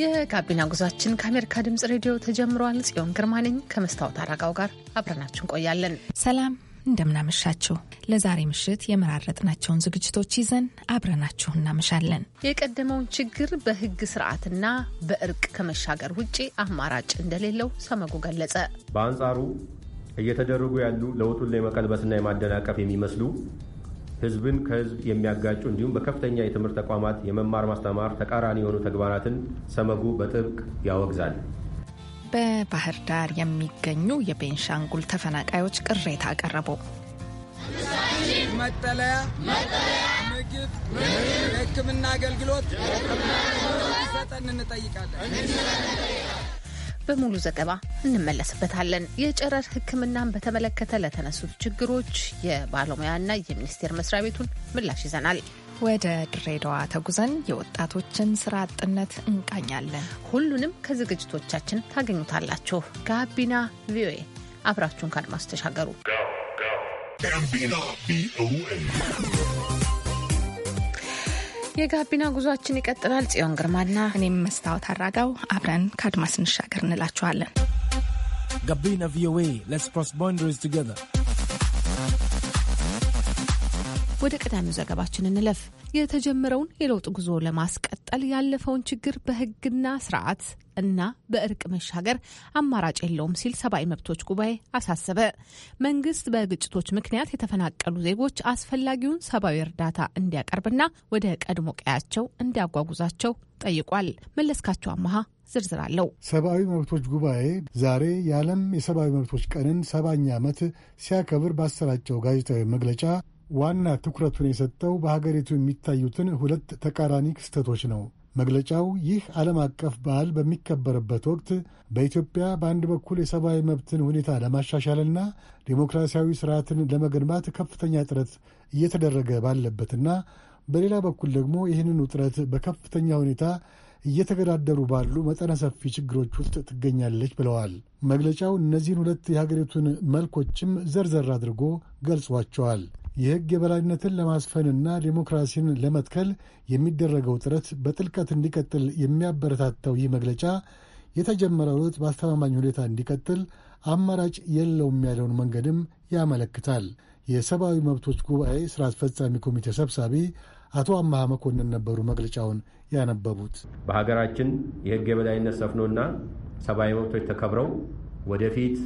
የጋቢና ጉዟችን ከአሜሪካ ድምጽ ሬዲዮ ተጀምሯል። ጽዮን ግርማ ነኝ ከመስታወት አረጋው ጋር አብረናችሁ እንቆያለን። ሰላም እንደምናመሻችሁ። ለዛሬ ምሽት የመራረጥናቸውን ዝግጅቶች ይዘን አብረናችሁ እናመሻለን። የቀደመውን ችግር በህግ ስርዓትና በእርቅ ከመሻገር ውጪ አማራጭ እንደሌለው ሰመጉ ገለጸ። በአንጻሩ እየተደረጉ ያሉ ለውጡን ላይ መቀልበስና የማደናቀፍ የሚመስሉ ህዝብን ከህዝብ የሚያጋጩ እንዲሁም በከፍተኛ የትምህርት ተቋማት የመማር ማስተማር ተቃራኒ የሆኑ ተግባራትን ሰመጉ በጥብቅ ያወግዛል። በባህር ዳር የሚገኙ የቤንሻንጉል ተፈናቃዮች ቅሬታ አቀረቡ። መጠለያ፣ ምግብ፣ ህክምና አገልግሎት ሰጠን እንጠይቃለን። በሙሉ ዘገባ እንመለስበታለን። የጨረር ሕክምናን በተመለከተ ለተነሱት ችግሮች የባለሙያና የሚኒስቴር መስሪያ ቤቱን ምላሽ ይዘናል። ወደ ድሬዳዋ ተጉዘን የወጣቶችን ስራ አጥነት እንቃኛለን። ሁሉንም ከዝግጅቶቻችን ታገኙታላችሁ። ጋቢና ቪኦኤ አብራችሁን ከአድማስ ተሻገሩ። የጋቢና ጉዟችን ይቀጥላል። ጽዮን ግርማና እኔም መስታወት አራጋው አብረን ከአድማስ እንሻገር እንላችኋለን። ጋቢና ቪኦኤ ሌትስ ክሮስ ቦንደሪስ ቱጌዘር ወደ ቀዳሚው ዘገባችን እንለፍ። የተጀመረውን የለውጥ ጉዞ ለማስቀጠል ያለፈውን ችግር በህግና ስርዓት እና በእርቅ መሻገር አማራጭ የለውም ሲል ሰብአዊ መብቶች ጉባኤ አሳሰበ። መንግስት በግጭቶች ምክንያት የተፈናቀሉ ዜጎች አስፈላጊውን ሰብአዊ እርዳታ እንዲያቀርብና ወደ ቀድሞ ቀያቸው እንዲያጓጉዛቸው ጠይቋል። መለስካቸው አመሃ ዝርዝር አለው። ሰብአዊ መብቶች ጉባኤ ዛሬ የዓለም የሰብአዊ መብቶች ቀንን ሰባኛ ዓመት ሲያከብር ባሰራጨው ጋዜጣዊ መግለጫ ዋና ትኩረቱን የሰጠው በሀገሪቱ የሚታዩትን ሁለት ተቃራኒ ክስተቶች ነው። መግለጫው ይህ ዓለም አቀፍ በዓል በሚከበርበት ወቅት በኢትዮጵያ በአንድ በኩል የሰብአዊ መብትን ሁኔታ ለማሻሻልና ዴሞክራሲያዊ ስርዓትን ለመገንባት ከፍተኛ ጥረት እየተደረገ ባለበትና በሌላ በኩል ደግሞ ይህንን ውጥረት በከፍተኛ ሁኔታ እየተገዳደሩ ባሉ መጠነ ሰፊ ችግሮች ውስጥ ትገኛለች ብለዋል። መግለጫው እነዚህን ሁለት የሀገሪቱን መልኮችም ዘርዘር አድርጎ ገልጿቸዋል። የሕግ የበላይነትን ለማስፈንና ዴሞክራሲን ለመትከል የሚደረገው ጥረት በጥልቀት እንዲቀጥል የሚያበረታተው ይህ መግለጫ የተጀመረው ለውጥ በአስተማማኝ ሁኔታ እንዲቀጥል አማራጭ የለውም ያለውን መንገድም ያመለክታል። የሰብአዊ መብቶች ጉባኤ ሥራ አስፈጻሚ ኮሚቴ ሰብሳቢ አቶ አመሃ መኮንን ነበሩ መግለጫውን ያነበቡት። በሀገራችን የሕግ የበላይነት ሰፍኖና ሰብአዊ መብቶች ተከብረው ወደፊት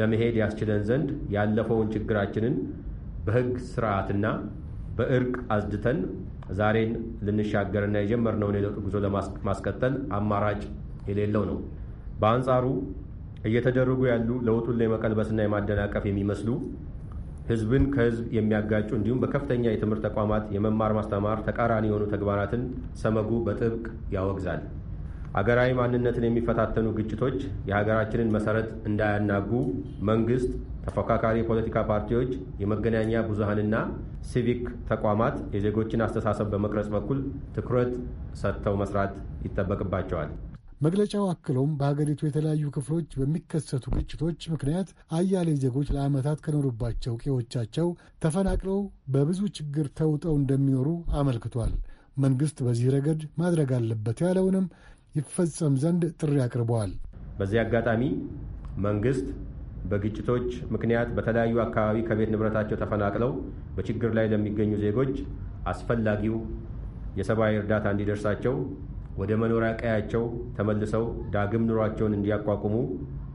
ለመሄድ ያስችለን ዘንድ ያለፈውን ችግራችንን በህግ ስርዓትና በእርቅ አዝድተን ዛሬን ልንሻገርና የጀመርነውን የለውጥ ጉዞ ለማስቀጠል አማራጭ የሌለው ነው። በአንጻሩ እየተደረጉ ያሉ ለውጡን የመቀልበስና የማደናቀፍ የሚመስሉ ህዝብን ከህዝብ የሚያጋጩ እንዲሁም በከፍተኛ የትምህርት ተቋማት የመማር ማስተማር ተቃራኒ የሆኑ ተግባራትን ሰመጉ በጥብቅ ያወግዛል። አገራዊ ማንነትን የሚፈታተኑ ግጭቶች የሀገራችንን መሰረት እንዳያናጉ መንግስት፣ ተፎካካሪ የፖለቲካ ፓርቲዎች፣ የመገናኛ ብዙሃንና ሲቪክ ተቋማት የዜጎችን አስተሳሰብ በመቅረጽ በኩል ትኩረት ሰጥተው መስራት ይጠበቅባቸዋል። መግለጫው አክሎም በሀገሪቱ የተለያዩ ክፍሎች በሚከሰቱ ግጭቶች ምክንያት አያሌ ዜጎች ለዓመታት ከኖሩባቸው ቄዎቻቸው ተፈናቅለው በብዙ ችግር ተውጠው እንደሚኖሩ አመልክቷል። መንግስት በዚህ ረገድ ማድረግ አለበት ያለውንም ይፈጸም ዘንድ ጥሪ አቅርበዋል። በዚህ አጋጣሚ መንግስት በግጭቶች ምክንያት በተለያዩ አካባቢ ከቤት ንብረታቸው ተፈናቅለው በችግር ላይ ለሚገኙ ዜጎች አስፈላጊው የሰብአዊ እርዳታ እንዲደርሳቸው ወደ መኖሪያ ቀያቸው ተመልሰው ዳግም ኑሯቸውን እንዲያቋቁሙ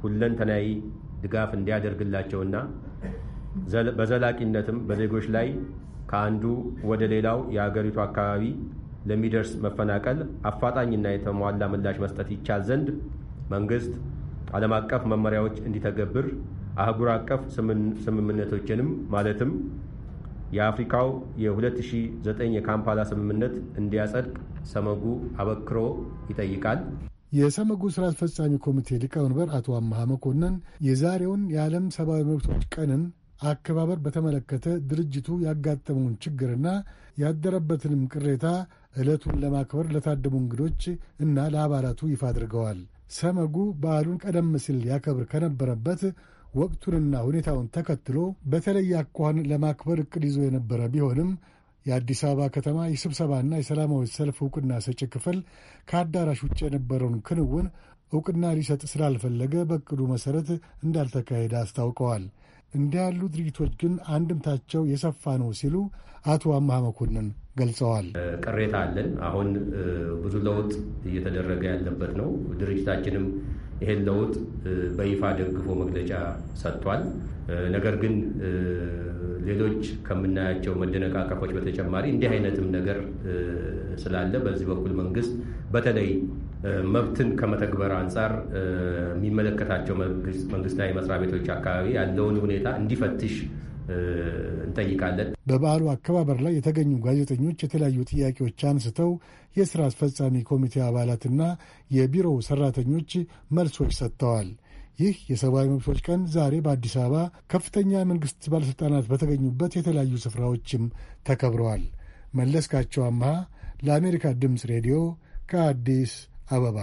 ሁለንተናዊ ድጋፍ እንዲያደርግላቸውና በዘላቂነትም በዜጎች ላይ ከአንዱ ወደ ሌላው የአገሪቱ አካባቢ ለሚደርስ መፈናቀል አፋጣኝና የተሟላ ምላሽ መስጠት ይቻል ዘንድ መንግስት ዓለም አቀፍ መመሪያዎች እንዲተገብር አህጉር አቀፍ ስምምነቶችንም ማለትም የአፍሪካው የ2009 የካምፓላ ስምምነት እንዲያጸድቅ ሰመጉ አበክሮ ይጠይቃል። የሰመጉ ስራ አስፈጻሚ ኮሚቴ ሊቀመንበር አቶ አመሃ መኮንን የዛሬውን የዓለም ሰብአዊ መብቶች ቀንን አከባበር በተመለከተ ድርጅቱ ያጋጠመውን ችግርና ያደረበትንም ቅሬታ ዕለቱን ለማክበር ለታደሙ እንግዶች እና ለአባላቱ ይፋ አድርገዋል። ሰመጉ በዓሉን ቀደም ሲል ያከብር ከነበረበት ወቅቱንና ሁኔታውን ተከትሎ በተለይ አኳን ለማክበር እቅድ ይዞ የነበረ ቢሆንም የአዲስ አበባ ከተማ የስብሰባና የሰላማዊ ሰልፍ እውቅና ሰጪ ክፍል ከአዳራሽ ውጭ የነበረውን ክንውን እውቅና ሊሰጥ ስላልፈለገ በእቅዱ መሠረት እንዳልተካሄደ አስታውቀዋል። እንዲህ ያሉ ድርጊቶች ግን አንድምታቸው የሰፋ ነው ሲሉ አቶ አምሃ መኮንን ገልጸዋል። ቅሬታ አለን። አሁን ብዙ ለውጥ እየተደረገ ያለበት ነው። ድርጅታችንም ይሄን ለውጥ በይፋ ደግፎ መግለጫ ሰጥቷል። ነገር ግን ሌሎች ከምናያቸው መደነቃቀፎች በተጨማሪ እንዲህ አይነትም ነገር ስላለ በዚህ በኩል መንግስት በተለይ መብትን ከመተግበር አንጻር የሚመለከታቸው መንግስታዊ መስሪያ ቤቶች አካባቢ ያለውን ሁኔታ እንዲፈትሽ እንጠይቃለን። በበዓሉ አከባበር ላይ የተገኙ ጋዜጠኞች የተለያዩ ጥያቄዎች አንስተው የስራ አስፈጻሚ ኮሚቴ አባላትና የቢሮው ሰራተኞች መልሶች ሰጥተዋል። ይህ የሰብአዊ መብቶች ቀን ዛሬ በአዲስ አበባ ከፍተኛ የመንግስት ባለሥልጣናት በተገኙበት የተለያዩ ስፍራዎችም ተከብረዋል። መለስካቸው አምሃ ለአሜሪካ ድምፅ ሬዲዮ ከአዲስ አበባ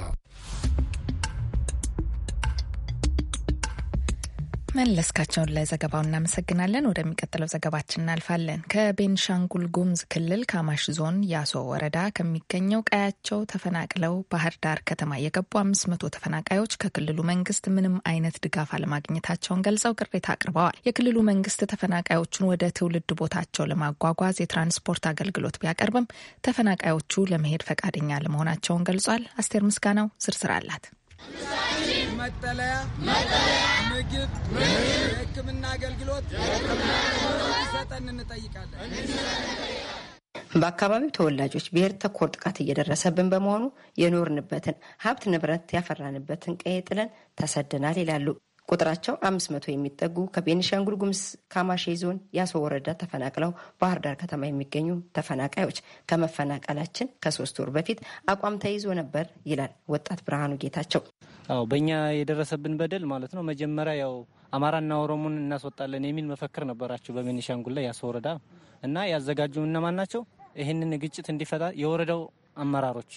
መለስካቸውን ለዘገባው እናመሰግናለን። ወደሚቀጥለው ዘገባችን እናልፋለን። ከቤንሻንጉል ጉምዝ ክልል ካማሽ ዞን ያሶ ወረዳ ከሚገኘው ቀያቸው ተፈናቅለው ባህር ዳር ከተማ የገቡ አምስት መቶ ተፈናቃዮች ከክልሉ መንግስት ምንም አይነት ድጋፍ አለማግኘታቸውን ገልጸው ቅሬታ አቅርበዋል። የክልሉ መንግስት ተፈናቃዮቹን ወደ ትውልድ ቦታቸው ለማጓጓዝ የትራንስፖርት አገልግሎት ቢያቀርብም ተፈናቃዮቹ ለመሄድ ፈቃደኛ አለመሆናቸውን ገልጿል። አስቴር ምስጋናው ዝርዝር አላት። መጠለያ፣ ምግብ፣ የሕክምና አገልግሎት ሰጠን እንጠይቃለን። በአካባቢው ተወላጆች ብሔር ተኮር ጥቃት እየደረሰብን በመሆኑ የኖርንበትን ሀብት ንብረት ያፈራንበትን ቀዬ ጥለን ተሰደናል ይላሉ። ቁጥራቸው አምስት መቶ የሚጠጉ ከቤኒሻንጉል ጉምዝ ካማሼ ዞን ያሶ ወረዳ ተፈናቅለው ባህር ዳር ከተማ የሚገኙ ተፈናቃዮች ከመፈናቀላችን ከሶስት ወር በፊት አቋም ተይዞ ነበር ይላል ወጣት ብርሃኑ ጌታቸው። አዎ በእኛ የደረሰብን በደል ማለት ነው። መጀመሪያ ያው አማራና ኦሮሞን እናስወጣለን የሚል መፈክር ነበራቸው በቤኒሻንጉል ላይ ያስወረዳ እና ያዘጋጁ እነማን ናቸው? ይህንን ግጭት እንዲፈታ የወረዳው አመራሮች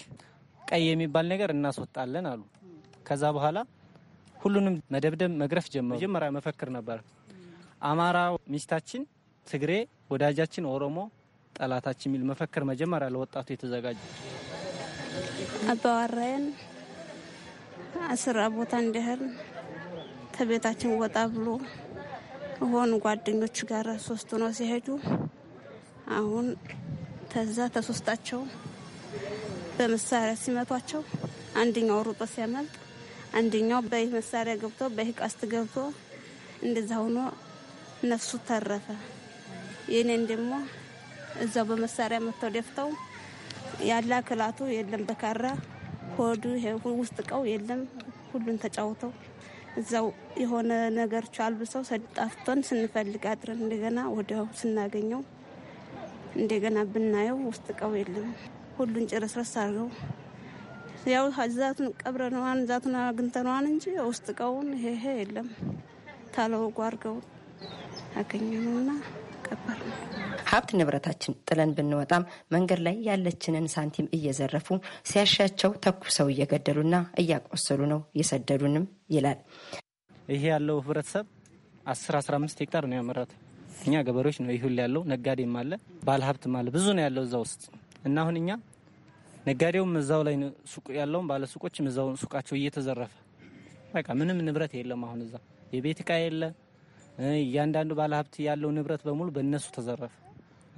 ቀይ የሚባል ነገር እናስወጣለን አሉ። ከዛ በኋላ ሁሉንም መደብደብ፣ መግረፍ ጀመሩ። መጀመሪያ መፈክር ነበር አማራ ሚስታችን፣ ትግሬ ወዳጃችን፣ ኦሮሞ ጠላታችን የሚል መፈክር መጀመሪያ ለወጣቱ የተዘጋጀ። አባዋራየን አስራ ቦታ እንዲያህል ከቤታችን ወጣ ብሎ ከሆኑ ጓደኞቹ ጋር ሶስቱ ነው ሲሄዱ አሁን ተዛ ተሶስታቸው በመሳሪያ ሲመቷቸው አንደኛው ሩጦ ሲያመልጥ አንደኛው በይህ መሳሪያ ገብቶ በይህ ቀስት ገብቶ እንደዛ ሆኖ ነፍሱ ተረፈ። የኔን ደግሞ እዛው በመሳሪያ መጥተው ደፍተው ያለ አክላቱ የለም በካራ ከወዱ ውስጥ እቃው የለም። ሁሉን ተጫውተው እዛው የሆነ ነገር አልብሰው ሰጣፍቶን ስንፈልግ አድረን እንደገና ወዲያው ስናገኘው እንደገና ብናየው ውስጥ እቃው የለም። ሁሉን ጭረስረስ አድርገው ያው ዛቱን ቀብረነዋን ዛቱን አግኝተነዋን እንጂ ውስጥ እቃውን ይሄ የለም ታለው አድርገው አገኘነውና ቀበር ሀብት ንብረታችን ጥለን ብንወጣም መንገድ ላይ ያለችንን ሳንቲም እየዘረፉ ሲያሻቸው ተኩሰው እየገደሉና እያቆሰሉ ነው የሰደዱንም ይላል። ይሄ ያለው ህብረተሰብ 10 15 ሄክታር ነው ያመረተ። እኛ ገበሬዎች ነው ይሁል ያለው ነጋዴም አለ ባለሀብትም አለ ብዙ ነው ያለው እዛ ውስጥ እና አሁን እኛ ነጋዴውም እዛው ላይ ሱቅ ያለውም ባለ እዛው ሱቃቸው እየተዘረፈ በቃ ምንም ንብረት የለም። አሁን እዛ የቤት እቃ የለ። እያንዳንዱ ባለሀብት ያለው ንብረት በሙሉ በእነሱ ተዘረፈ።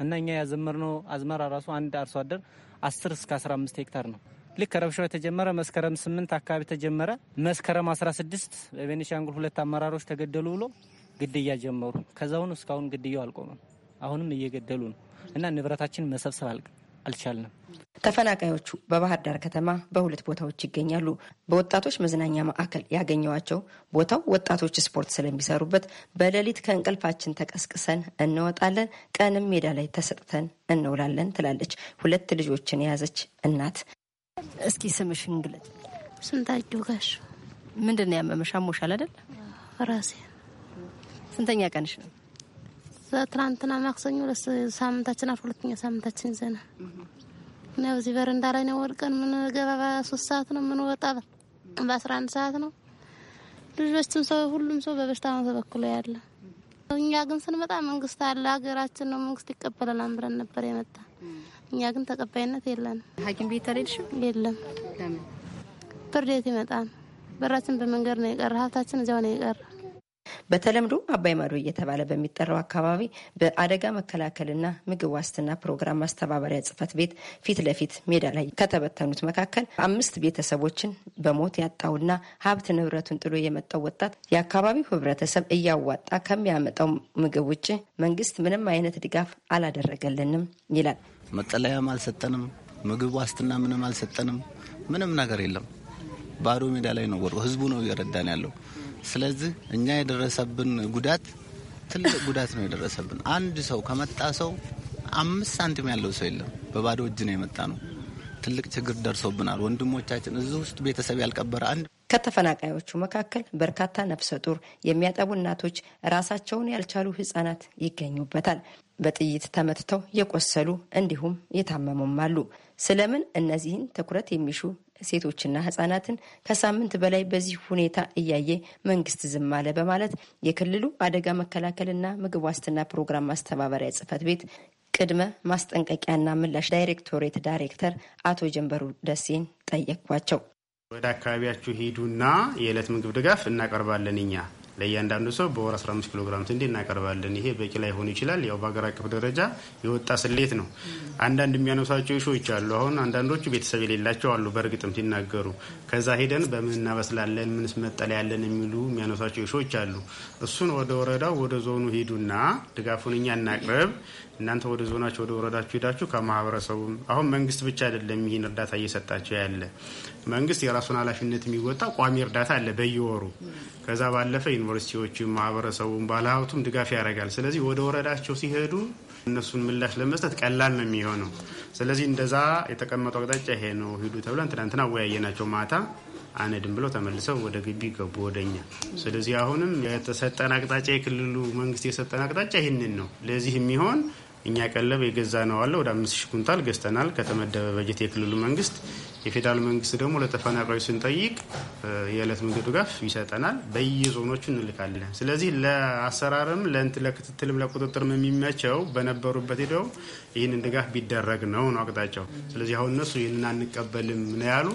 እና እኛ ያዘመርነው አዝመራ ራሱ አንድ አርሶ አደር 10 እስከ 15 ሄክታር ነው። ልክ ረብሻው የተጀመረ መስከረም 8 አካባቢ ተጀመረ። መስከረም 16 በቤኒሻንጉል ሁለት አመራሮች ተገደሉ ብሎ ግድያ ጀመሩ። ከዛውን እስካሁን ግድያው አልቆመም። አሁንም እየገደሉ ነው እና ንብረታችን መሰብሰብ አልቅ አልቻልንም። ተፈናቃዮቹ በባህር ዳር ከተማ በሁለት ቦታዎች ይገኛሉ። በወጣቶች መዝናኛ ማዕከል ያገኘዋቸው ቦታው ወጣቶች ስፖርት ስለሚሰሩበት በሌሊት ከእንቅልፋችን ተቀስቅሰን እንወጣለን፣ ቀንም ሜዳ ላይ ተሰጥተን እንውላለን ትላለች ሁለት ልጆችን የያዘች እናት። እስኪ ስምሽን ግለጭ። ስንታየው ጋሽ። ምንድን ነው ያመመሽ? አሞሻል አይደል? ራሴ። ስንተኛ ቀንሽ ነው? ትናንትና ማክሰኞ ሳምንታችን አልፎ ሁለተኛ ሳምንታችን ይዘና እና በዚህ በረንዳ ላይ ነው ወድቀን ገባ በሶስት ሰዓት ነው ወጣ በአስራ አንድ ሰዓት ነው። ልጆችም ሰው ሁሉም ሰው በበሽታ ነው ተበክሎ ያለ። እኛ ግን ስንመጣ መንግስት አለ ሀገራችን ነው መንግስት ይቀበለናል ብለን ነበር የመጣ። እኛ ግን ተቀባይነት የለን። ሐኪም ቤት አልሄድሽም? የለም። ፍርድ ይመጣል። በራችን በመንገድ ነው የቀረ። ሀብታችን እዚያው ነው የቀረ በተለምዶ አባይ ማዶ እየተባለ በሚጠራው አካባቢ በአደጋ መከላከልና ምግብ ዋስትና ፕሮግራም ማስተባበሪያ ጽህፈት ቤት ፊት ለፊት ሜዳ ላይ ከተበተኑት መካከል አምስት ቤተሰቦችን በሞት ያጣውና ሀብት ንብረቱን ጥሎ የመጣው ወጣት የአካባቢው ህብረተሰብ እያዋጣ ከሚያመጣው ምግብ ውጭ መንግስት ምንም አይነት ድጋፍ አላደረገልንም ይላል። መጠለያም አልሰጠንም፣ ምግብ ዋስትና ምንም አልሰጠንም፣ ምንም ነገር የለም። ባዶ ሜዳ ላይ ነው። ህዝቡ ነው እየረዳን ያለው ስለዚህ እኛ የደረሰብን ጉዳት ትልቅ ጉዳት ነው የደረሰብን። አንድ ሰው ከመጣ ሰው አምስት ሳንቲም ያለው ሰው የለም። በባዶ እጅ ነው የመጣ ነው። ትልቅ ችግር ደርሶብናል። ወንድሞቻችን እዚህ ውስጥ ቤተሰብ ያልቀበረ አንድ ከተፈናቃዮቹ መካከል በርካታ ነፍሰ ጡር የሚያጠቡ እናቶች፣ ራሳቸውን ያልቻሉ ህጻናት ይገኙበታል። በጥይት ተመትተው የቆሰሉ እንዲሁም የታመሙም አሉ። ስለምን እነዚህን ትኩረት የሚሹ ሴቶችና ህጻናትን ከሳምንት በላይ በዚህ ሁኔታ እያየ መንግስት ዝም አለ በማለት የክልሉ አደጋ መከላከልና ምግብ ዋስትና ፕሮግራም ማስተባበሪያ ጽህፈት ቤት ቅድመ ማስጠንቀቂያና ምላሽ ዳይሬክቶሬት ዳይሬክተር አቶ ጀንበሩ ደሴን ጠየቅኳቸው። ወደ አካባቢያችሁ ሄዱና የዕለት ምግብ ድጋፍ እናቀርባለን እኛ ለእያንዳንዱ ሰው በወር 15 ኪሎ ግራም ስንዴ እናቀርባለን። ይሄ በቂ ላይሆን ይችላል። ያው በሀገር አቀፍ ደረጃ የወጣ ስሌት ነው። አንዳንድ የሚያነሷቸው እሾዎች አሉ። አሁን አንዳንዶቹ ቤተሰብ የሌላቸው አሉ፣ በእርግጥም ሲናገሩ። ከዛ ሄደን በምን እናበስላለን፣ ምንስ መጠለያ ያለን የሚሉ የሚያነሷቸው እሾዎች አሉ። እሱን ወደ ወረዳው ወደ ዞኑ ሂዱና ድጋፉን እኛ እናቅርብ እናንተ ወደ ዞናችሁ ወደ ወረዳችሁ ሄዳችሁ ከማህበረሰቡም አሁን መንግስት ብቻ አይደለም ይህን እርዳታ እየሰጣቸው ያለ መንግስት የራሱን ኃላፊነት የሚወጣ ቋሚ እርዳታ አለ በየወሩ። ከዛ ባለፈ ዩኒቨርሲቲዎችም ማህበረሰቡም ባለሀብቱም ድጋፍ ያደርጋል። ስለዚህ ወደ ወረዳቸው ሲሄዱ እነሱን ምላሽ ለመስጠት ቀላል ነው የሚሆነው። ስለዚህ እንደዛ የተቀመጠው አቅጣጫ ይሄ ነው ሂዱ ተብለን ትናንትና አወያየናቸው ማታ አነድም ብለው ተመልሰው ወደ ግቢ ገቡ ወደኛ። ስለዚህ አሁንም የተሰጠን አቅጣጫ የክልሉ መንግስት የሰጠን አቅጣጫ ይህንን ነው። ለዚህ የሚሆን እኛ ቀለብ የገዛ ነው አለ ወደ አምስት ሺህ ኩንታል ገዝተናል ከተመደበ በጀት የክልሉ መንግስት። የፌዴራል መንግስት ደግሞ ለተፈናቃዮች ስንጠይቅ የዕለት ምግብ ድጋፍ ይሰጠናል። በየዞኖቹ እንልካለን። ስለዚህ ለአሰራርም ለንት ለክትትልም ለቁጥጥርም የሚመቸው በነበሩበት ሄደው ይህንን ድጋፍ ቢደረግ ነው ነው አቅጣጫው። ስለዚህ አሁን እነሱ ይህንን አንቀበልም ነው ያሉ።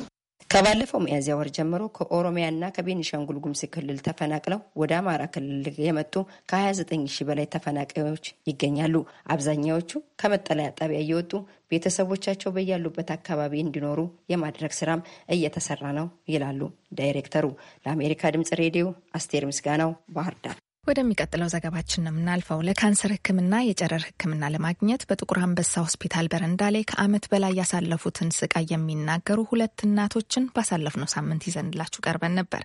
ከባለፈው ሚያዝያ ወር ጀምሮ ከኦሮሚያና ከቤኒሻንጉል ጉምስ ክልል ተፈናቅለው ወደ አማራ ክልል የመጡ ከ29 በላይ ተፈናቃዮች ይገኛሉ። አብዛኛዎቹ ከመጠለያ ጣቢያ እየወጡ ቤተሰቦቻቸው በያሉበት አካባቢ እንዲኖሩ የማድረግ ስራም እየተሰራ ነው ይላሉ ዳይሬክተሩ። ለአሜሪካ ድምጽ ሬዲዮ አስቴር ምስጋናው ባህርዳር። ወደሚቀጥለው ዘገባችን ነው የምናልፈው። ለካንሰር ሕክምና የጨረር ሕክምና ለማግኘት በጥቁር አንበሳ ሆስፒታል በረንዳ ላይ ከዓመት በላይ ያሳለፉትን ስቃይ የሚናገሩ ሁለት እናቶችን ባሳለፍነው ሳምንት ይዘንላችሁ ቀርበን ነበር።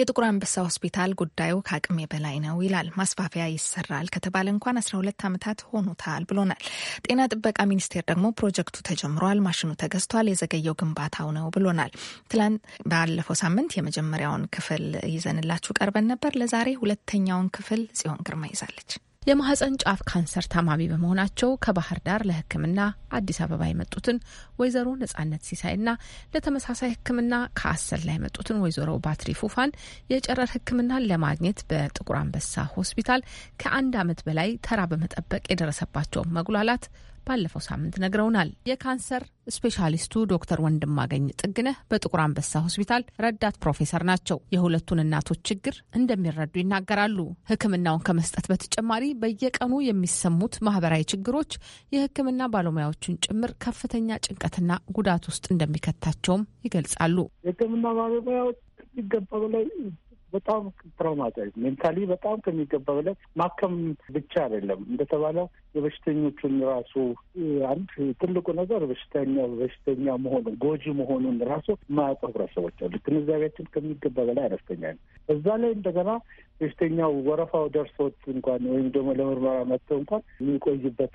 የጥቁር አንበሳ ሆስፒታል ጉዳዩ ከአቅሜ በላይ ነው ይላል። ማስፋፊያ ይሰራል ከተባለ እንኳን 12 ዓመታት ሆኖታል ብሎናል። ጤና ጥበቃ ሚኒስቴር ደግሞ ፕሮጀክቱ ተጀምሯል፣ ማሽኑ ተገዝቷል፣ የዘገየው ግንባታው ነው ብሎናል። ትላንት ባለፈው ሳምንት የመጀመሪያውን ክፍል ይዘንላችሁ ቀርበን ነበር። ለዛሬ ሁለተኛውን ክፍል ክፍል ጽዮን ግርማ ይዛለች። የማህፀን ጫፍ ካንሰር ታማሚ በመሆናቸው ከባህር ዳር ለሕክምና አዲስ አበባ የመጡትን ወይዘሮ ነጻነት ሲሳይና ለተመሳሳይ ሕክምና ከአሰላ የመጡትን ወይዘሮ ባትሪ ፉፋን የጨረር ሕክምናን ለማግኘት በጥቁር አንበሳ ሆስፒታል ከአንድ ዓመት በላይ ተራ በመጠበቅ የደረሰባቸውን መጉላላት ባለፈው ሳምንት ነግረውናል። የካንሰር ስፔሻሊስቱ ዶክተር ወንድማገኝ ጥግነህ በጥቁር አንበሳ ሆስፒታል ረዳት ፕሮፌሰር ናቸው። የሁለቱን እናቶች ችግር እንደሚረዱ ይናገራሉ። ሕክምናውን ከመስጠት በተጨማሪ በየቀኑ የሚሰሙት ማህበራዊ ችግሮች የሕክምና ባለሙያዎቹን ጭምር ከፍተኛ ጭንቀትና ጉዳት ውስጥ እንደሚከታቸውም ይገልጻሉ። የሕክምና ባለሙያዎች ይገባ በላይ በጣም ትራውማታይዝ ሜንታሊ በጣም ከሚገባ በላይ ማከም ብቻ አይደለም እንደተባለው የበሽተኞቹን ራሱ አንድ ትልቁ ነገር በሽተኛ በሽተኛ መሆኑን ጎጂ መሆኑን ራሱ ማያውቁ ህብረተሰቦች አሉ። ግንዛቤያችን ከሚገባ በላይ አነስተኛ ነው። እዛ ላይ እንደገና በሽተኛው ወረፋው ደርሶት እንኳን ወይም ደግሞ ለምርመራ መጥቶ እንኳን የሚቆይበት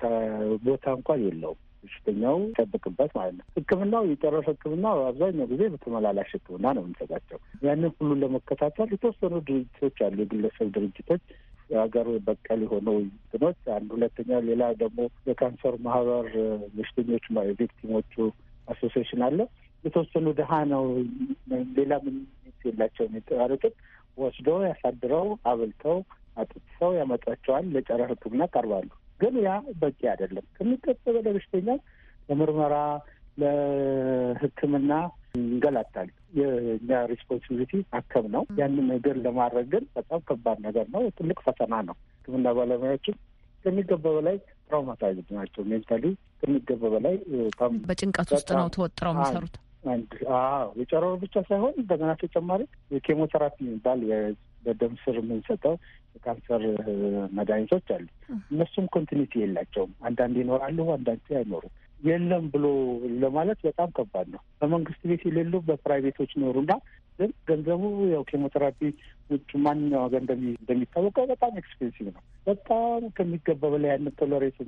ቦታ እንኳን የለውም። በሽተኛው ይጠብቅበት ማለት ነው። ሕክምናው የጨረሰ ሕክምና አብዛኛው ጊዜ በተመላላሽ ሕክምና ነው የምንሰጣቸው። ያንን ሁሉን ለመከታተል የተወሰኑ ድርጅቶች አሉ፣ የግለሰብ ድርጅቶች የሀገር በቀል የሆነው እንትኖች አንድ ሁለተኛ፣ ሌላ ደግሞ የካንሰር ማህበር በሽተኞች ቪክቲሞቹ አሶሲዬሽን አለ። የተወሰኑ ድሀ ነው ሌላ ምን የላቸውም የተባሉትን ወስዶ ያሳድረው አብልተው አጥጥሰው ያመጣቸዋል ለጨረር ሕክምና ቀርባሉ። ግን ያ በቂ አይደለም። ከሚቀጥበ ለበሽተኛ ለምርመራ ለሕክምና እንገላታል። የእኛ ሪስፖንሲቢሊቲ አከም ነው። ያንን ነገር ለማድረግ ግን በጣም ከባድ ነገር ነው። ትልቅ ፈተና ነው። ሕክምና ባለሙያዎችም ከሚገባ በላይ ትራውማታይዝድ ናቸው። ሜንታሊ ከሚገባ በላይ በጭንቀት ውስጥ ነው ተወጥረው የሚሰሩት። አንድ የጨረሩ ብቻ ሳይሆን እንደገና ተጨማሪ የኬሞቴራፒ የሚባል በደም ስር የምንሰጠው የካንሰር መድኃኒቶች አሉ። እነሱም ኮንቲኒቲ የላቸውም። አንዳንድ ይኖራሉ፣ አንዳንድ አይኖሩም። የለም ብሎ ለማለት በጣም ከባድ ነው። በመንግስት ቤት የሌሉ በፕራይቬቶች ኖሩና ግን ገንዘቡ ያው ኬሞቴራፒ ውጭ ማንኛው ሀገር እንደሚታወቀው በጣም ኤክስፔንሲቭ ነው። በጣም ከሚገባ በላይ ያንን ቶሎሬት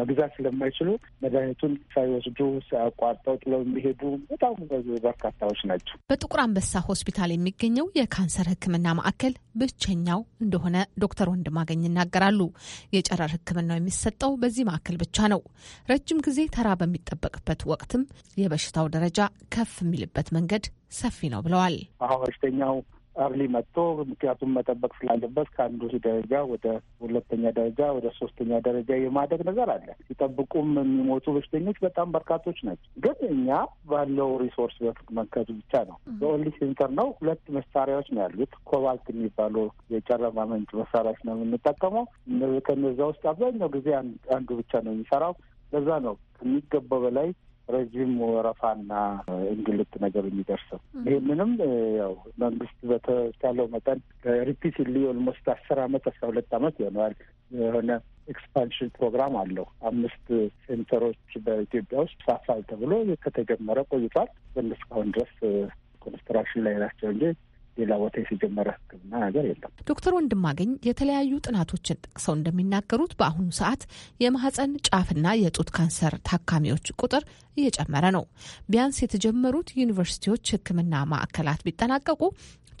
መግዛት ስለማይችሉ መድኃኒቱን ሳይወስዱ ሳያቋርጠው ጥለው የሚሄዱ በጣም በርካታዎች ናቸው። በጥቁር አንበሳ ሆስፒታል የሚገኘው የካንሰር ሕክምና ማዕከል ብቸኛው እንደሆነ ዶክተር ወንድማገኝ ይናገራሉ። የጨረር ሕክምናው የሚሰጠው በዚህ ማዕከል ብቻ ነው። ረጅም ጊዜ ተራ በሚጠበቅበት ወቅትም የበሽታው ደረጃ ከፍ የሚልበት መንገድ ሰፊ ነው ብለዋል። አሁን በሽተኛው አርሊ መጥቶ ምክንያቱም መጠበቅ ስላለበት ከአንዱ ደረጃ ወደ ሁለተኛ ደረጃ ወደ ሶስተኛ ደረጃ የማደግ ነገር አለ። ሲጠብቁም የሚሞቱ በሽተኞች በጣም በርካቶች ናቸው። ግን እኛ ባለው ሪሶርስ በመንከቱ ብቻ ነው። በኦንሊ ሴንተር ነው ሁለት መሳሪያዎች ነው ያሉት። ኮባልት የሚባሉ የጨረማ መንጭ መሳሪያዎች ነው የምንጠቀመው። ከነዛ ውስጥ አብዛኛው ጊዜ አንዱ ብቻ ነው የሚሰራው። ለዛ ነው ከሚገባው በላይ ረዥም ወረፋና እንግልት ነገር የሚደርሰው። ይህንንም ያው መንግስት በተቻለው መጠን ሪፒትሊ ኦልሞስት አስር አመት አስራ ሁለት አመት ይሆነዋል የሆነ ኤክስፓንሽን ፕሮግራም አለው። አምስት ሴንተሮች በኢትዮጵያ ውስጥ ሳፋል ተብሎ ከተጀመረ ቆይቷል። ግን እስካሁን ድረስ ኮንስትራክሽን ላይ ናቸው እንጂ ሌላ ቦታ የተጀመረ ሕክምና ነገር የለም። ዶክተር ወንድማገኝ የተለያዩ ጥናቶችን ጠቅሰው እንደሚናገሩት በአሁኑ ሰዓት የማህፀን ጫፍና የጡት ካንሰር ታካሚዎች ቁጥር እየጨመረ ነው። ቢያንስ የተጀመሩት ዩኒቨርሲቲዎች ሕክምና ማዕከላት ቢጠናቀቁ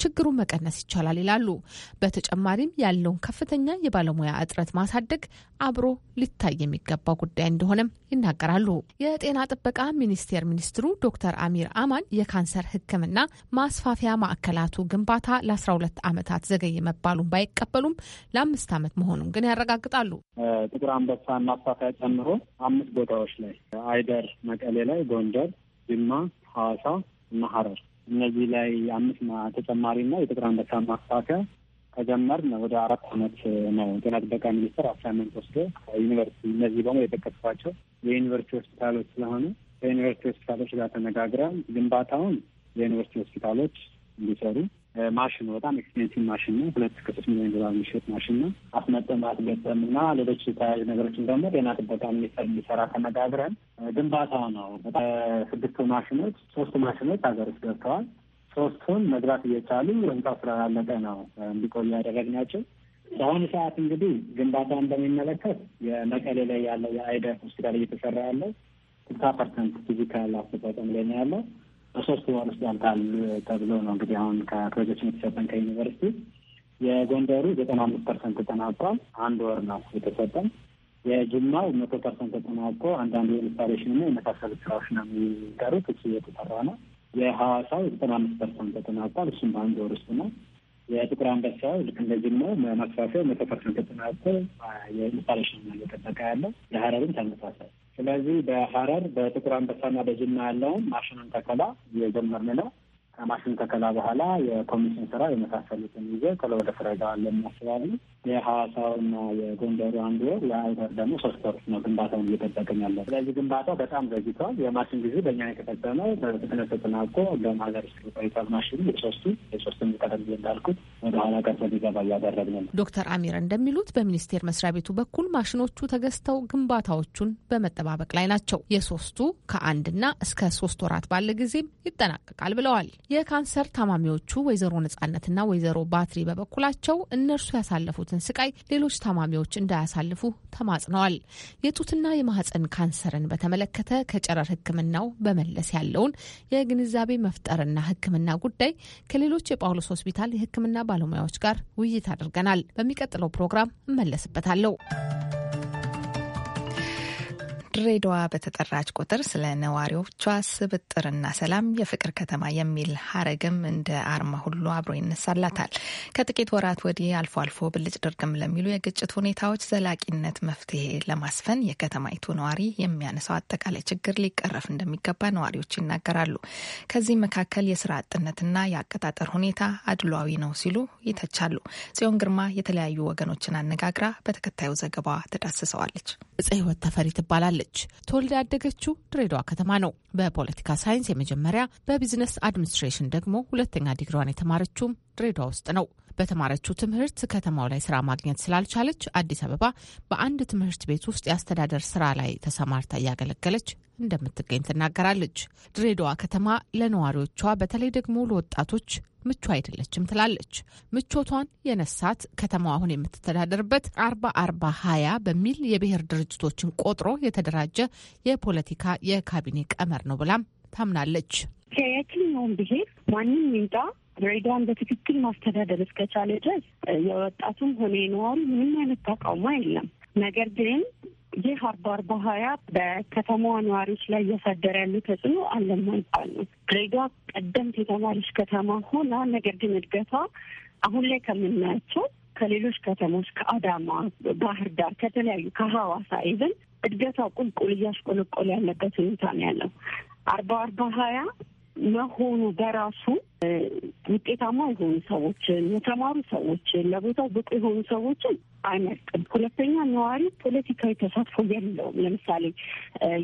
ችግሩን መቀነስ ይቻላል ይላሉ። በተጨማሪም ያለውን ከፍተኛ የባለሙያ እጥረት ማሳደግ አብሮ ሊታይ የሚገባው ጉዳይ እንደሆነም ይናገራሉ። የጤና ጥበቃ ሚኒስቴር ሚኒስትሩ ዶክተር አሚር አማን የካንሰር ሕክምና ማስፋፊያ ማዕከላቱ ግንባታ ለ12 ዓመታት ዘገየ መባሉን ባይቀበሉም ለአምስት ዓመት መሆኑን ግን ያረጋግጣሉ። ጥቁር አንበሳን ማስፋፊያ ጨምሮ አምስት ቦታዎች ላይ አይደር መቀሌ ላይ፣ ጎንደር፣ ጅማ፣ ሐዋሳ እና ሐረር እነዚህ ላይ አምስት ተጨማሪና የጥቁር አንበሳ ማስፋፊያ ከጀመር ወደ አራት አመት ነው። ጤና ጥበቃ ሚኒስቴር አሳይመንት ወስዶ ዩኒቨርሲቲ እነዚህ ደግሞ የጠቀስኳቸው የዩኒቨርሲቲ ሆስፒታሎች ስለሆኑ ከዩኒቨርሲቲ ሆስፒታሎች ጋር ተነጋግረን ግንባታውን የዩኒቨርሲቲ ሆስፒታሎች እንዲሰሩ ማሽን በጣም ኤክስፔንሲቭ ማሽን ነው። ሁለት ከሶስት ሚሊዮን ዶላር የሚሸጥ ማሽን ነው። አስመጠም አስገጠም እና ሌሎች ተያያዥ ነገሮችን ደግሞ ጤና ጥበቃ ሚኒስቴር እንዲሰራ ተነጋግረን ግንባታው ነው። ስድስቱ ማሽኖች ሶስቱ ማሽኖች ሀገር ውስጥ ገብተዋል። ሶስቱን መግባት እየቻሉ ህንጻው ስላላለቀ ነው እንዲቆዩ ያደረግናቸው። በአሁኑ ሰዓት እንግዲህ ግንባታ እንደሚመለከት የመቀሌ ላይ ያለው የአይደር ሆስፒታል እየተሰራ ያለው ስልሳ ፐርሰንት ፊዚካል አስተጣጠም ላይ ነው ያለው በሶስት ወር ውስጥ ያልቃል ተብሎ ነው እንግዲህ አሁን ከፕሮጀክሽን የተሰጠን ከዩኒቨርሲቲ የጎንደሩ ዘጠና አምስት ፐርሰንት ተጠናቋል። አንድ ወር ነው የተሰጠን። የጅማው መቶ ፐርሰንት ተጠናቆ አንዳንድ የኢንስታሌሽን እና የመሳሰሉት ስራዎች ነው የሚቀሩት። እሱ የተሰራ ነው። የሐዋሳው ዘጠና አምስት ፐርሰንት ተጠናቋል። እሱም በአንድ ወር ውስጥ ነው። የጥቁር አንበሳው ልክ እንደ ጅማው ማስፋፊያው መቶ ፐርሰንት ተጠናቆ የኢንስታሌሽን ነው እየጠበቀ ያለው። የሀረርም ተመሳሳይ ስለዚህ በሀረር በጥቁር አንበሳና በጅማ ያለውን ማሽኑን ተከላ እየጀመርን ነው። ከማሽን ተከላ በኋላ የኮሚሽን ስራ የመሳሰሉትን ይዘ ቶሎ ወደ ስራ ይገባል የሚያስባሉ የሐዋሳው የጎንደሩ አንድ ወር የአይተር ደግሞ ሶስት ወር ነው ግንባታውን እየጠበቅን ያለ። ስለዚህ ግንባታው በጣም ዘግይተዋል። የማሽን ጊዜ በእኛ የተፈጸመ በፍጥነት ተጠናቆ ለሀገር ቆይቷል። ማሽኑ የሶስቱ የሶስቱም ቀደም እንዳልኩት ወደኋላ ቀርቶ ሊገባ እያደረግን ነው። ዶክተር አሚር እንደሚሉት በሚኒስቴር መስሪያ ቤቱ በኩል ማሽኖቹ ተገዝተው ግንባታዎቹን በመጠባበቅ ላይ ናቸው። የሶስቱ ከአንድና እስከ ሶስት ወራት ባለ ጊዜም ይጠናቀቃል ብለዋል። የካንሰር ታማሚዎቹ ወይዘሮ ነጻነትና ወይዘሮ ባትሪ በበኩላቸው እነርሱ ያሳለፉትን የሚደርሱትን ስቃይ ሌሎች ታማሚዎች እንዳያሳልፉ ተማጽነዋል። የጡትና የማህፀን ካንሰርን በተመለከተ ከጨረር ሕክምናው በመለስ ያለውን የግንዛቤ መፍጠርና ሕክምና ጉዳይ ከሌሎች የጳውሎስ ሆስፒታል የሕክምና ባለሙያዎች ጋር ውይይት አድርገናል። በሚቀጥለው ፕሮግራም እመለስበታለሁ። ድሬዳዋ በተጠራች ቁጥር ስለ ነዋሪዎቿ ስብጥርና ሰላም የፍቅር ከተማ የሚል ሀረግም እንደ አርማ ሁሉ አብሮ ይነሳላታል። ከጥቂት ወራት ወዲህ አልፎ አልፎ ብልጭ ድርግም ለሚሉ የግጭት ሁኔታዎች ዘላቂነት መፍትሄ ለማስፈን የከተማይቱ ነዋሪ የሚያነሳው አጠቃላይ ችግር ሊቀረፍ እንደሚገባ ነዋሪዎች ይናገራሉ። ከዚህ መካከል የስራ አጥነትና የአቀጣጠር ሁኔታ አድሏዊ ነው ሲሉ ይተቻሉ። ጽዮን ግርማ የተለያዩ ወገኖችን አነጋግራ በተከታዩ ዘገባዋ ተዳስሰዋለች። እፀ ተፈሪ ትባላለች። ተወልዳ ያደገችው ድሬዳዋ ከተማ ነው። በፖለቲካ ሳይንስ የመጀመሪያ በቢዝነስ አድሚኒስትሬሽን ደግሞ ሁለተኛ ዲግሪዋን የተማረችውም ድሬዳዋ ውስጥ ነው። በተማረችው ትምህርት ከተማው ላይ ስራ ማግኘት ስላልቻለች አዲስ አበባ በአንድ ትምህርት ቤት ውስጥ የአስተዳደር ስራ ላይ ተሰማርታ እያገለገለች እንደምትገኝ ትናገራለች። ድሬዳዋ ከተማ ለነዋሪዎቿ በተለይ ደግሞ ለወጣቶች ምቹ አይደለችም ትላለች። ምቾቷን የነሳት ከተማዋ አሁን የምትተዳደርበት አርባ አርባ ሀያ በሚል የብሔር ድርጅቶችን ቆጥሮ የተደራጀ የፖለቲካ የካቢኔ ቀመር ነው ብላም ታምናለች። ከየትኛውም ብሔር ማንም ይምጣ ድሬዳዋን በትክክል ማስተዳደር እስከቻለ ድረስ የወጣቱም ሆነ የነዋሪ ምንም አይነት ተቃውሞ የለም። ነገር ግን ይህ አርባ አርባ ሀያ በከተማዋ ነዋሪዎች ላይ እያሳደረ ያለ ተጽዕኖ አለ ነው። ድሬዳዋ ቀደምት የተማሪች ከተማ ሆና ነገር ግን እድገቷ አሁን ላይ ከምናያቸው ከሌሎች ከተሞች ከአዳማ፣ ባህር ዳር፣ ከተለያዩ ከሀዋሳ ኢቨን እድገቷ ቁልቁል እያሽቆለቆለ ያለበት ሁኔታ ነው ያለው። አርባ አርባ ሀያ መሆኑ በራሱ ውጤታማ የሆኑ ሰዎችን፣ የተማሩ ሰዎችን፣ ለቦታው ብቁ የሆኑ ሰዎችን አይመርጥም። ሁለተኛ ነዋሪ ፖለቲካዊ ተሳትፎ የለውም። ለምሳሌ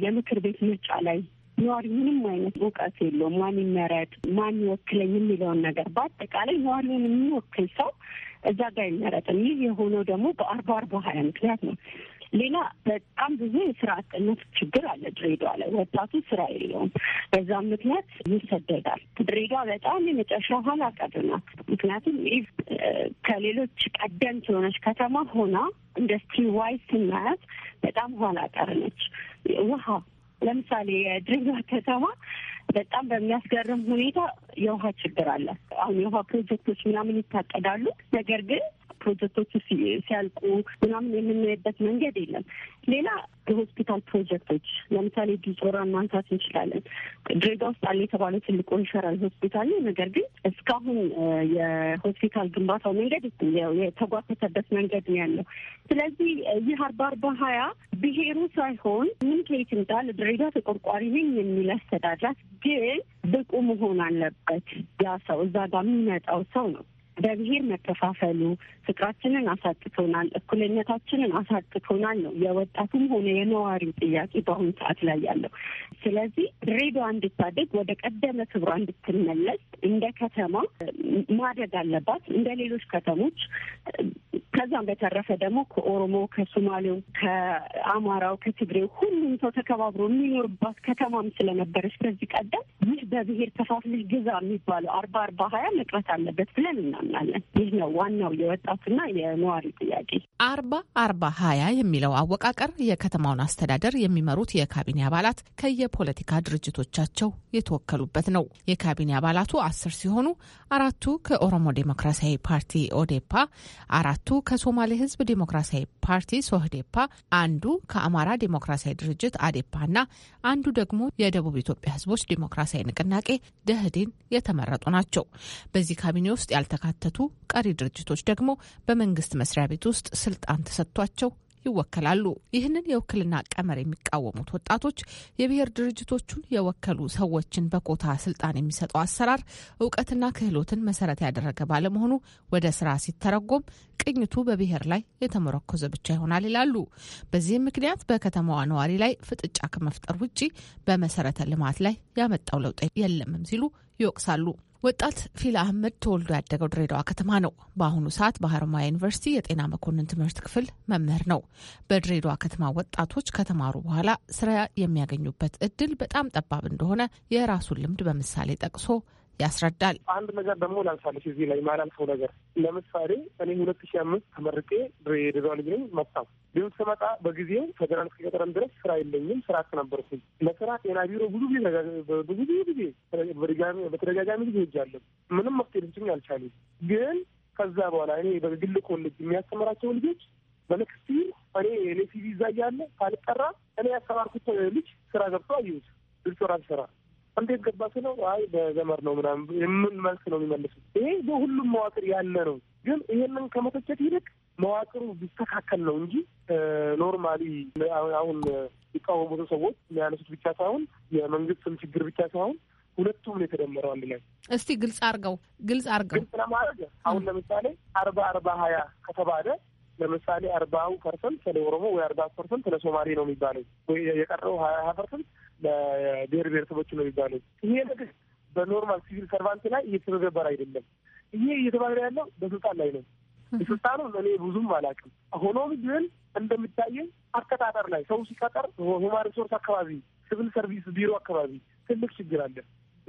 የምክር ቤት ምርጫ ላይ ነዋሪ ምንም አይነት እውቀት የለውም። ማን ይመረጥ፣ ማን ይወክለኝ የሚለውን ነገር በአጠቃላይ ነዋሪውን የሚወክል ሰው እዛ ጋር ይመረጥም። ይህ የሆነው ደግሞ በአርባ አርባ ሀያ ምክንያት ነው። ሌላ በጣም ብዙ የስራ አጥነት ችግር አለ ድሬዳዋ ላይ። ወጣቱ ስራ የለውም። በዛም ምክንያት ይሰደዳል። ድሬዳዋ በጣም የመጨረሻ ኋላ ቀር ናት። ምክንያቱም ኢቭ ከሌሎች ቀደምት የሆነች ከተማ ሆና ኢንዱስትሪ ዋይዝ ስናያት በጣም ኋላ ቀር ነች። ውሃ ለምሳሌ የድሬዳዋ ከተማ በጣም በሚያስገርም ሁኔታ የውሃ ችግር አለ። አሁን የውሃ ፕሮጀክቶች ምናምን ይታቀዳሉ። ነገር ግን ፕሮጀክቶቹ ሲያልቁ ምናምን የምናይበት መንገድ የለም። ሌላ የሆስፒታል ፕሮጀክቶች ለምሳሌ ዲጾራን ማንሳት እንችላለን። ድሬዳ ውስጥ አለ የተባለ ትልቁ ሪፈራል ሆስፒታል ነው። ነገር ግን እስካሁን የሆስፒታል ግንባታው መንገድ የተጓተተበት መንገድ ነው ያለው። ስለዚህ ይህ አርባ አርባ ሀያ ብሄሩ ሳይሆን ምን ከየት እንዳለ ድሬዳ ተቆርቋሪ ነኝ የሚል አስተዳድራት ግን ብቁ መሆን አለበት ያ ሰው እዛ ጋር የሚመጣው ሰው ነው በብሔር መከፋፈሉ ፍቅራችንን አሳጥቶናል፣ እኩልነታችንን አሳጥቶናል ነው የወጣቱም ሆነ የነዋሪው ጥያቄ በአሁኑ ሰዓት ላይ ያለው። ስለዚህ ድሬዳዋ እንድታደግ ወደ ቀደመ ክብሯ እንድትመለስ እንደ ከተማ ማደግ አለባት እንደ ሌሎች ከተሞች። ከዛም በተረፈ ደግሞ ከኦሮሞ፣ ከሶማሌው፣ ከአማራው፣ ከትግሬው ሁሉም ሰው ተከባብሮ የሚኖርባት ከተማም ስለነበረች ከዚህ ቀደም ይህ በብሔር ከፋፍለሽ ግዛ የሚባለው አርባ አርባ ሀያ መቅረት አለበት ብለን እና እናምናለን። ይህ ነው ዋናው የወጣትና የነዋሪ ጥያቄ። አርባ አርባ ሀያ የሚለው አወቃቀር የከተማውን አስተዳደር የሚመሩት የካቢኔ አባላት ከየፖለቲካ ድርጅቶቻቸው የተወከሉበት ነው። የካቢኔ አባላቱ አስር ሲሆኑ አራቱ ከኦሮሞ ዴሞክራሲያዊ ፓርቲ ኦዴፓ፣ አራቱ ከሶማሌ ሕዝብ ዴሞክራሲያዊ ፓርቲ ሶህዴፓ፣ አንዱ ከአማራ ዴሞክራሲያዊ ድርጅት አዴፓ እና አንዱ ደግሞ የደቡብ ኢትዮጵያ ሕዝቦች ዴሞክራሲያዊ ንቅናቄ ደህዴን የተመረጡ ናቸው። በዚህ ካቢኔ ውስጥ ያልተካ የተካተቱ ቀሪ ድርጅቶች ደግሞ በመንግስት መስሪያ ቤት ውስጥ ስልጣን ተሰጥቷቸው ይወከላሉ። ይህንን የውክልና ቀመር የሚቃወሙት ወጣቶች የብሔር ድርጅቶቹን የወከሉ ሰዎችን በኮታ ስልጣን የሚሰጠው አሰራር እውቀትና ክህሎትን መሰረት ያደረገ ባለመሆኑ ወደ ስራ ሲተረጎም ቅኝቱ በብሔር ላይ የተመረኮዘ ብቻ ይሆናል ይላሉ። በዚህም ምክንያት በከተማዋ ነዋሪ ላይ ፍጥጫ ከመፍጠር ውጪ በመሰረተ ልማት ላይ ያመጣው ለውጥ የለምም ሲሉ ይወቅሳሉ። ወጣት ፊል አህመድ ተወልዶ ያደገው ድሬዳዋ ከተማ ነው። በአሁኑ ሰዓት በሀረማያ ዩኒቨርሲቲ የጤና መኮንን ትምህርት ክፍል መምህር ነው። በድሬዳዋ ከተማ ወጣቶች ከተማሩ በኋላ ስራ የሚያገኙበት እድል በጣም ጠባብ እንደሆነ የራሱን ልምድ በምሳሌ ጠቅሶ ያስረዳል። አንድ ነገር ደግሞ ላንሳለች እዚህ ላይ ማላልፈው ነገር ለምሳሌ እኔ ሁለት ሺ አምስት ተመርቄ ድሬዳዋ ልጅ ነኝ መጣሁ። ቢሆን ስመጣ በጊዜው ፌደራል እስከቀጠረን ድረስ ስራ የለኝም። ስራ ነበርኩኝ ለስራ ጤና ቢሮ ብዙ ጊዜ ብዙ ጊዜ በተደጋጋሚ ጊዜ ሄጃለሁ። ምንም መፍትሄ ልችኝ አልቻሉም። ግን ከዛ በኋላ እኔ በግል ኮሌጅ የሚያስተምራቸው ልጆች በነክስቲ እኔ ኔሲቪ ይዛያለ ካልጠራ እኔ ያስተማርኩት ልጅ ስራ ገብቶ አየሁት ልጅ ስራ እንዴት ገባ ስለው አይ በዘመር ነው ምናምን የምን መልስ ነው የሚመልሱት። ይሄ በሁሉም መዋቅር ያለ ነው። ግን ይሄንን ከመተቸት ይልቅ መዋቅሩ ቢስተካከል ነው እንጂ ኖርማሊ አሁን የቃወሙት ሰዎች የሚያነሱት ብቻ ሳይሆን የመንግስትም ችግር ብቻ ሳይሆን ሁለቱም ነው የተደመረው አንድ ላይ። እስቲ ግልጽ አርገው ግልጽ አርገው ግልጽ ለማድረግ አሁን ለምሳሌ አርባ አርባ ሀያ ከተባለ ለምሳሌ አርባው ፐርሰንት ለኦሮሞ ወይ አርባ ፐርሰንት ለሶማሌ ነው የሚባለው ወይ የቀረው ሀያ ፐርሰንት ለብሔር ብሔረሰቦች ነው የሚባለው። ይሄ ነገር በኖርማል ሲቪል ሰርቫንት ላይ እየተተገበረ አይደለም። ይሄ እየተባለ ያለው በስልጣን ላይ ነው። የስልጣኑ እኔ ብዙም አላውቅም። ሆኖም ግን እንደሚታየኝ አቀጣጠር ላይ ሰው ሲቀጠር ሁማን ሪሶርስ አካባቢ፣ ሲቪል ሰርቪስ ቢሮ አካባቢ ትልቅ ችግር አለ።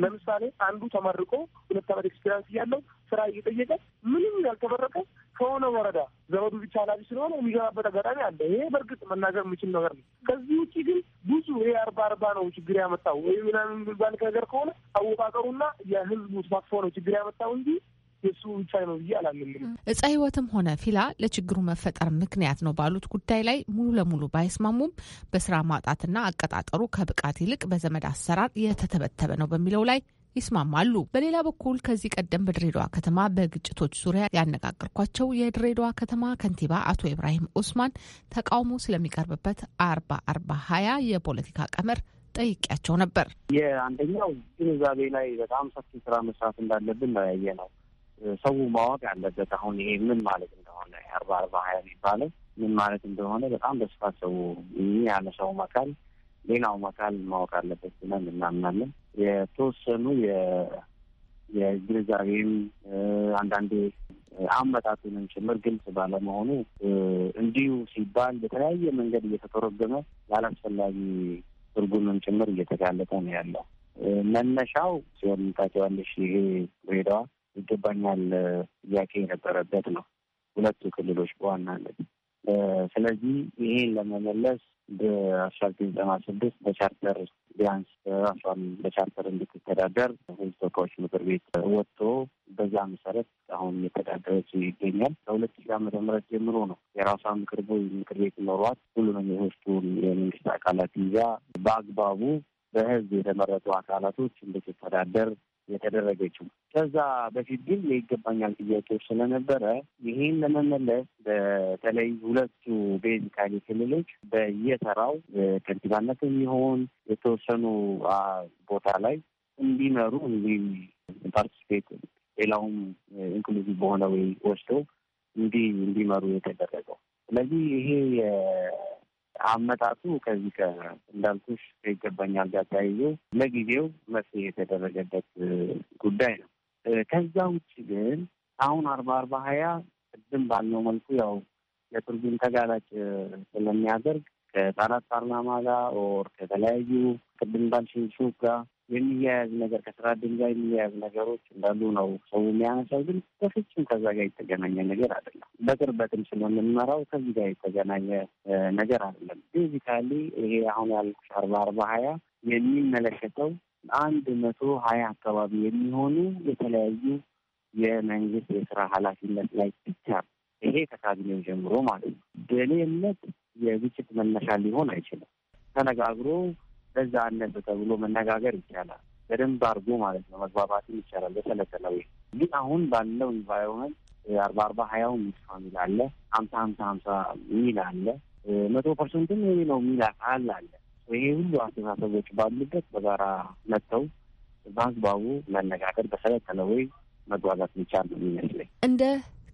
ለምሳሌ አንዱ ተመርቆ ሁለት ዓመት ኤክስፔሪንስ እያለው ስራ እየጠየቀ ምንም ያልተመረቀ ከሆነ ወረዳ ዘመዱ ብቻ ኃላፊ ስለሆነ የሚገባበት አጋጣሚ አለ። ይሄ በእርግጥ መናገር የሚችል ነገር ነው። ከዚህ ውጭ ግን ብዙ ይሄ አርባ አርባ ነው ችግር ያመጣው ወይ ምናምን የሚባል ነገር ከሆነ አወቃቀሩና የህዝቡ ተሳትፎ ነው ችግር ያመጣው እንጂ የሱ ብቻ ነው ብዬ አላምንም። እፀ ህይወትም ሆነ ፊላ ለችግሩ መፈጠር ምክንያት ነው ባሉት ጉዳይ ላይ ሙሉ ለሙሉ ባይስማሙም በስራ ማጣትና አቀጣጠሩ ከብቃት ይልቅ በዘመድ አሰራር የተተበተበ ነው በሚለው ላይ ይስማማሉ። በሌላ በኩል ከዚህ ቀደም በድሬዳዋ ከተማ በግጭቶች ዙሪያ ያነጋገርኳቸው የድሬዳዋ ከተማ ከንቲባ አቶ ኢብራሂም ኡስማን ተቃውሞ ስለሚቀርብበት አርባ አርባ ሀያ የፖለቲካ ቀመር ጠይቂያቸው ነበር። የአንደኛው ግንዛቤ ላይ በጣም ሰፊ ስራ መስራት እንዳለብን ነው ያየ ነው ሰው ማወቅ ያለበት አሁን ይሄ ምን ማለት እንደሆነ አርባ አርባ ሀያ የሚባለው ምን ማለት እንደሆነ በጣም በስፋት ሰው ሰው አካል ሌላውም አካል ማወቅ አለበት ብለን እናምናለን። የተወሰኑ የግንዛቤም አንዳንዴ አመጣቱንም ጭምር ግልጽ ባለመሆኑ እንዲሁ ሲባል በተለያየ መንገድ እየተተረጎመ ላላስፈላጊ ትርጉምም ጭምር እየተጋለጠ ነው ያለው። መነሻው ሲሆን ታውቂዋለሽ ይሄ ሬዳዋ ይገባኛል ጥያቄ የነበረበት ነው ሁለቱ ክልሎች በዋናነት። ስለዚህ ይሄን ለመመለስ በአስራ ዘጠኝ ዘጠና ስድስት በቻርተር ቢያንስ ራሷን በቻርተር እንድትተዳደር ህዝብ ተወካዮች ምክር ቤት ወጥቶ በዛ መሰረት አሁን እየተዳደረች ይገኛል። ከሁለት ሺህ ዓመተ ምህረት ጀምሮ ነው የራሷ ምክር ምክር ቤት ኖሯት ሁሉንም የሕዝቡን የመንግስት አካላት ይዛ በአግባቡ በህዝብ የተመረጡ አካላቶች እንድትተዳደር የተደረገችው። ከዛ በፊት ግን የይገባኛል ጥያቄዎች ስለነበረ ይህን ለመመለስ በተለይ ሁለቱ ቤዚካሊ ክልሎች በየተራው ከንቲባነት የሚሆን የተወሰኑ ቦታ ላይ እንዲመሩ እንዲ ፓርቲስፔት ሌላውም ኢንክሉዚቭ በሆነ ወይ ወስዶ እንዲ እንዲመሩ የተደረገው። ስለዚህ ይሄ አመጣቱ ከዚህ ከእንዳልኩሽ ከይገባኛል ጋር ተያይዞ ለጊዜው መፍትሄ የተደረገበት ጉዳይ ነው። ከዛ ውጭ ግን አሁን አርባ አርባ ሀያ ቅድም ባለው መልኩ ያው ለትርጉም ተጋላጭ ስለሚያደርግ ከጣራት ፓርላማ ጋር ኦር ከተለያዩ ቅድም ባልሽንሹ ጋር የሚያያዝ ነገር ከስራ እድል ጋር የሚያያዝ ነገሮች እንዳሉ ነው ሰው የሚያነሳው። ግን በፍጹም ከዛ ጋር የተገናኘ ነገር አይደለም። በቅርበትም ስለምንመራው ከዚህ ጋር የተገናኘ ነገር አይደለም። ፊዚካሊ ይሄ አሁን ያልኩሽ አርባ አርባ ሀያ የሚመለከተው አንድ መቶ ሀያ አካባቢ የሚሆኑ የተለያዩ የመንግስት የስራ ኃላፊነት ላይ ብቻ ይሄ ከካቢኔው ጀምሮ ማለት ነው። ደሌነት የግጭት መነሻ ሊሆን አይችልም። ተነጋግሮ በዛ አነሰ ተብሎ መነጋገር ይቻላል። በደንብ አድርጎ ማለት ነው መግባባትም ይቻላል። በሰለጠነ ግን አሁን ባለው ኢንቫይሮመንት አርባ አርባ ሀያው ሚል ፋሚል አለ፣ ሀምሳ ሀምሳ ሀምሳ ሚል አለ፣ መቶ ፐርሰንትም ይሄ ነው ሚል አለ አለ። ይሄ ሁሉ አስተሳሰቦች ባሉበት በጋራ መጥተው በአግባቡ መነጋገር በሰለጠነ ወይ መግባባት የሚቻል ነው የሚመስለኝ እንደ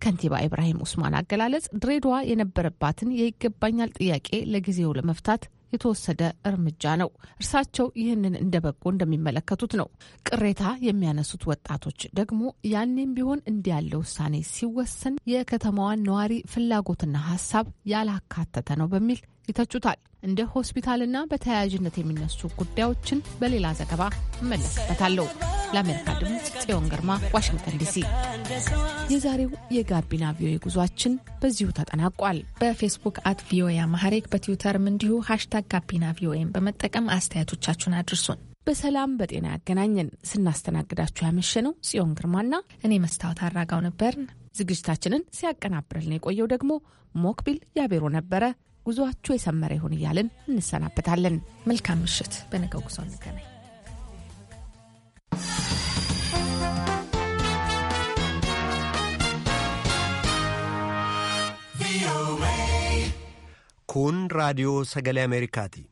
ከንቲባ ኢብራሂም ኡስማን አገላለጽ ድሬዳዋ የነበረባትን የይገባኛል ጥያቄ ለጊዜው ለመፍታት የተወሰደ እርምጃ ነው። እርሳቸው ይህንን እንደ በጎ እንደሚመለከቱት ነው። ቅሬታ የሚያነሱት ወጣቶች ደግሞ ያኔም ቢሆን እንዲህ ያለ ውሳኔ ሲወሰን የከተማዋን ነዋሪ ፍላጎትና ሀሳብ ያላካተተ ነው በሚል ይተቹታል። እንደ ሆስፒታልና በተያያዥነት የሚነሱ ጉዳዮችን በሌላ ዘገባ እመለስበታለሁ። ለአሜሪካ ድምፅ ጽዮን ግርማ፣ ዋሽንግተን ዲሲ። የዛሬው የጋቢና ቪኦኤ ጉዟችን በዚሁ ተጠናቋል። በፌስቡክ አት ቪኦኤ አማሐሬክ በትዊተርም እንዲሁ ሀሽታግ ጋቢና ቪኦኤን በመጠቀም አስተያየቶቻችሁን አድርሱን። በሰላም በጤና ያገናኘን። ስናስተናግዳችሁ ያመሸነው ጽዮን ግርማና እኔ መስታወት አራጋው ነበርን። ዝግጅታችንን ሲያቀናብርልን የቆየው ደግሞ ሞክቢል ያቤሮ ነበረ። ጉዟችሁ የሰመረ ይሁን እያልን እንሰናበታለን። መልካም ምሽት። በነገው ጉዞ እንገናኝ። Kun raadiyoo sagalee Ameerikaati.